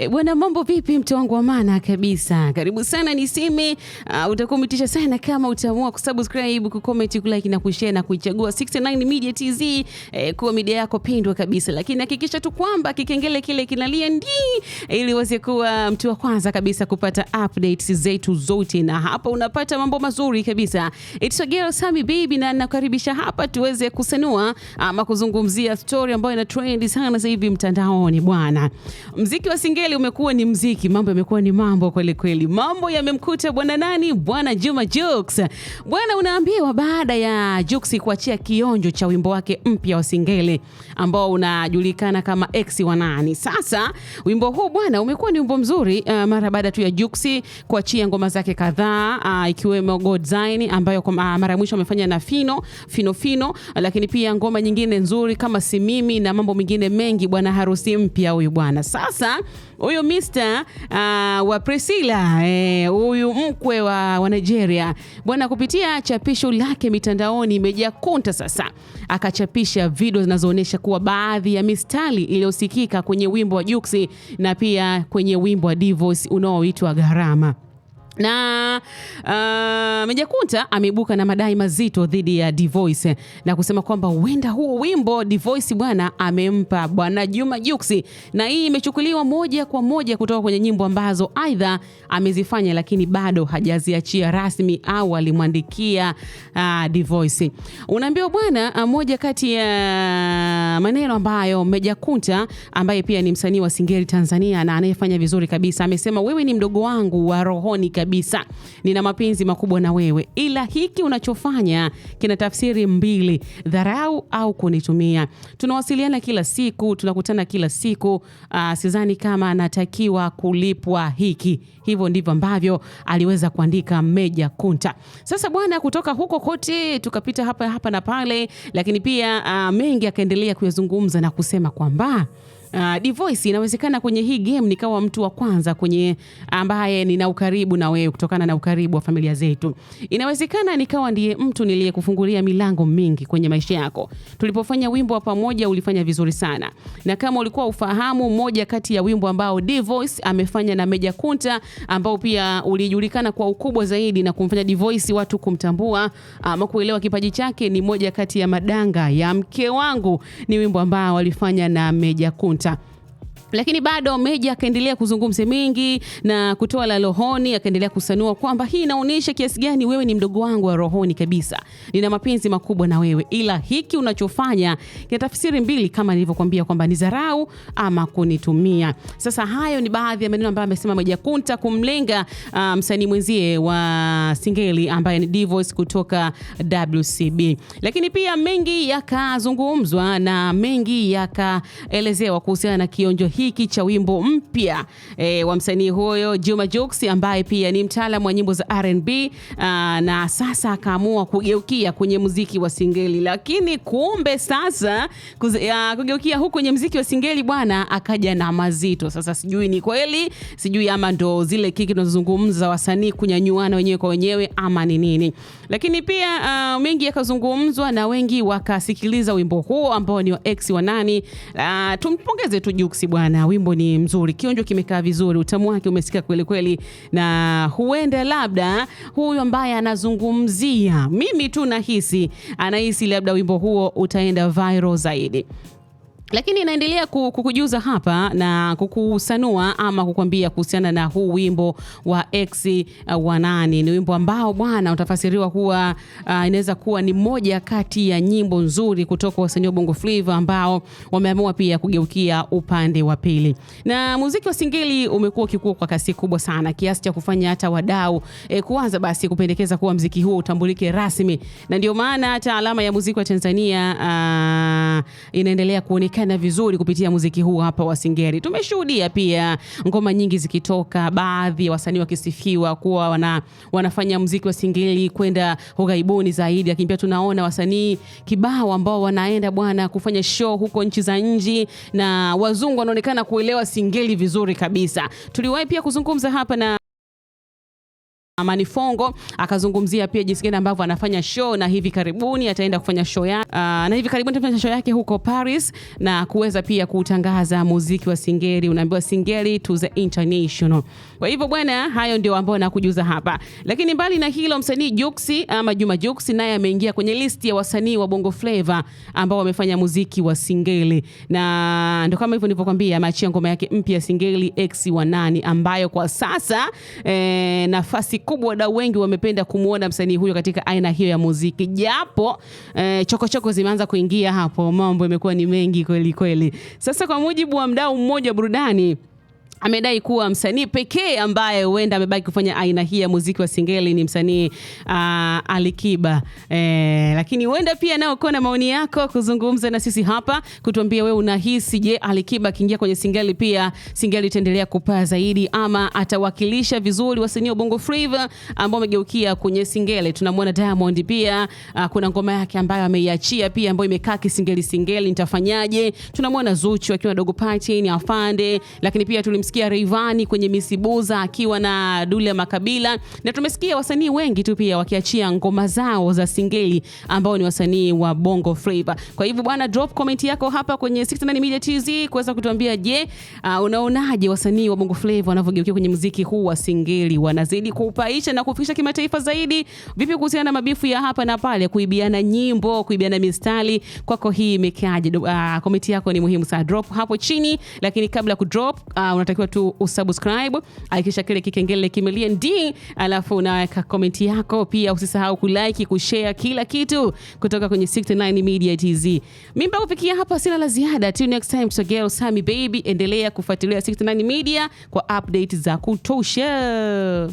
E, bwana mambo vipi mtu wangu wa maana kabisa. Karibu sana niseme, uh, ah, utakomitisha sana kama utaamua kusubscribe, kucomment, kulike na kushare na kuichagua 69 Media TZ eh, kuwa media yako pendwa kabisa. Lakini hakikisha tu kwamba kikengele kile kinalia ndi ili uweze kuwa mtu wa kwanza kabisa kupata updates zetu zote na hapa unapata mambo mazuri kabisa. It's a girl Sami baby na nakaribisha hapa tuweze kusanua ama kuzungumzia story ambayo ina trend sana sasa hivi mtandaoni bwana. Mziki wa singeli kweli umekuwa ni mziki, mambo yamekuwa ni mambo kweli kweli. Mambo yamemkuta bwana nani? Bwana Juma Jux. Bwana, unaambiwa baada ya Jux kuachia kionjo cha wimbo wake mpya wa Singeli ambao unajulikana kama X wa nani. Sasa wimbo huu bwana umekuwa ni wimbo mzuri uh, mara baada tu ya Jux kuachia ngoma zake kadhaa uh, ikiwemo God Godzine ambayo uh, mara mwisho amefanya na Fino, Fino Fino, lakini pia ngoma nyingine nzuri kama Simimi na mambo mengine mengi bwana harusi mpya huyu bwana. Sasa huyu Mr uh, ah, wa Priscilla eh, huyu eh, mkwe wa, wa Nigeria bwana, kupitia chapisho lake mitandaoni imejaa kunta. Sasa akachapisha video zinazoonyesha kuwa baadhi ya mistari iliyosikika kwenye wimbo wa Juksi na pia kwenye wimbo wa Divorce unaoitwa Gharama na uh, Meja Kunta ameibuka na madai mazito dhidi ya Dvoice na kusema kwamba huenda huo wimbo Dvoice bwana amempa bwana Juma Jux, na hii imechukuliwa moja kwa moja kutoka kwenye nyimbo ambazo aidha amezifanya lakini bado hajaziachia rasmi au alimwandikia uh, Dvoice. Unaambiwa bwana, uh, moja kati ya maneno ambayo Meja Kunta ambaye pia ni msanii wa Singeli Tanzania na anayefanya vizuri kabisa amesema, wewe ni mdogo wangu wa rohoni kabisa, nina mapenzi makubwa na wewe, ila hiki unachofanya kina tafsiri mbili, dharau au kunitumia. Tunawasiliana kila siku, tunakutana kila siku. Uh, sidhani kama anatakiwa kulipwa hiki. Hivyo ndivyo ambavyo aliweza kuandika Meja Kunta. Sasa bwana, kutoka huko kote tukapita hapa hapa na pale, lakini pia uh, mengi akaendelea kuyazungumza na kusema kwamba Uh, Divoice inawezekana kwenye hii game nikawa mtu wa kwanza kwenye ambaye nina ukaribu na wewe kutokana na ukaribu wa familia zetu. Inawezekana nikawa ndiye mtu niliyekufungulia milango mingi kwenye maisha yako. Tulipofanya wimbo wa pamoja ulifanya vizuri sana. Na kama ulikuwa ufahamu, moja kati ya wimbo ambao Divoice amefanya na Meja Kunta ambao pia ulijulikana kwa ukubwa zaidi na kumfanya Divoice watu kumtambua ama kuelewa kipaji chake ni moja kati ya madanga ya mke wangu ni wimbo ambao alifanya na Meja Kunta. Francia Lakini bado Meja akaendelea kuzungumza mengi na kutoa la rohoni, akaendelea kusanua kwamba hii inaonyesha kiasi gani wewe ni mdogo wangu wa rohoni kabisa, nina mapenzi makubwa na wewe, ila hiki unachofanya kina tafsiri mbili, kama nilivyokuambia kwamba ni dharau ama kunitumia. Sasa hayo ni baadhi ya maneno ambayo amesema Meja Kunta kumlenga uh, msanii mwenzie wa Singeli ambaye ni Divoice kutoka WCB, lakini pia mengi yakazungumzwa na mengi yakaelezewa kuhusiana na kionjo hii hiki cha wimbo mpya e, wa msanii huyo Juma Jux ambaye pia ni mtaalamu wa nyimbo za R&B na sasa akaamua kugeukia kwenye muziki wa singeli, lakini kumbe sasa kugeukia huko kwenye muziki wa singeli bwana, akaja na mazito. Sasa sijui ni kweli, sijui ama ndo zile kiki tunazozungumza wasanii kunyanyuana wenyewe kwa wenyewe ama ni nini, lakini pia uh, mengi yakazungumzwa na wengi wakasikiliza wimbo huo ambao ni wa X wa nani. Uh, Tumpongeze tu Jux bwana na wimbo ni mzuri, kionjo kimekaa vizuri, utamu wake umesikia kweli kweli, na huenda labda huyu ambaye anazungumzia, mimi tu nahisi anahisi labda wimbo huo utaenda viral zaidi lakini naendelea kukujuza hapa na kukusanua ama kukwambia kuhusiana na huu wimbo wa X uh, wa nani. Ni wimbo ambao bwana utafasiriwa kuwa uh, inaweza kuwa ni moja kati ya nyimbo nzuri kutoka wasanii wa Bongo Flava ambao wameamua pia kugeukia upande wa pili, na muziki wa Singeli umekuwa ukikua kwa kasi kubwa sana kiasi cha kufanya hata wadau e, kuanza basi kupendekeza kuwa mziki huo utambulike rasmi, na ndio maana hata alama ya muziki wa Tanzania uh, inaendelea kuonekana anaonekana vizuri kupitia muziki huu hapa wa Singeli. Tumeshuhudia pia ngoma nyingi zikitoka, baadhi ya wasanii wakisifiwa kuwa wana, wanafanya muziki wa Singeli kwenda ughaibuni zaidi, lakini pia tunaona wasanii kibao ambao wanaenda bwana kufanya show huko nchi za nje na wazungu wanaonekana kuelewa Singeli vizuri kabisa. Tuliwahi pia kuzungumza hapa na Amani Fongo akazungumzia pia jinsi gani ambavyo anafanya show na hivi karibuni ataenda kufanya show ya, uh, na hivi karibuni atafanya show yake huko Paris na kuweza pia kutangaza muziki wa Singeli, unaambiwa Singeli to the international. Kwa hivyo bwana, hayo ndio ambayo nakujuza hapa. Lakini mbali na hilo, msanii Juksi ama Juma Juksi naye ameingia kwenye listi ya wasanii wa Bongo Flava ambao wamefanya muziki wa Singeli. Na ndio kama hivyo nilivyokuambia, ameachia ngoma yake mpya Singeli X wa nani ambayo kwa sasa eh, nafasi kubwa wadau wengi wamependa kumwona msanii huyo katika aina hiyo ya muziki, japo eh, chokochoko zimeanza kuingia hapo, mambo yamekuwa ni mengi kweli kweli. Sasa kwa mujibu wa mdau mmoja wa burudani amedai kuwa msanii pekee ambaye huenda amebaki kufanya aina hii ya muziki wa singeli ni msanii uh, Alikiba e, eh, lakini huenda pia nao uko na maoni yako kuzungumza na sisi hapa, kutuambia wewe unahisi je, Alikiba akiingia kwenye singeli pia singeli itaendelea kupaa zaidi ama atawakilisha vizuri wasanii wa Bongo Flava ambao wamegeukia kwenye singeli? Tunamwona Diamond pia uh, kuna ngoma yake ambayo ameiachia pia ambayo imekaa kisingeli singeli, nitafanyaje. Tunamwona Zuchu akiwa dogo party ni afande, lakini pia tulim tumemsikia Rayvanny kwenye Misibuza akiwa na Dulla Makabila, na tumesikia wasanii wengi tu pia wakiachia ngoma zao za singeli ambao ni wasanii wa Bongo Flava. Kwa hivyo bwana, drop comment yako hapa kwenye 69 Media TZ kuweza kutuambia, je, uh, unaonaje wasanii wa Bongo Flava wanavyogeukia kwenye muziki huu wa singeli? Wanazidi kuupaisha na kufikisha kimataifa zaidi? Vipi kuhusiana na mabifu ya hapa na pale, kuibiana nyimbo, kuibiana mistari? Kwako hii imekaaje? Uh, comment yako ni muhimu sana, drop hapo chini, lakini kabla ya kudrop uh, ah, unatakiwa unatakiwa tu usubscribe, hakikisha kile kikengele kimelia ndi, alafu unaweka komenti yako. Pia usisahau kulike, kushare kila kitu kutoka kwenye 69 Media TZ. Mimba kufikia hapa sina la ziada. Till next time, it's girl Sami Baby, endelea kufuatilia 69 Media kwa update za kutosha.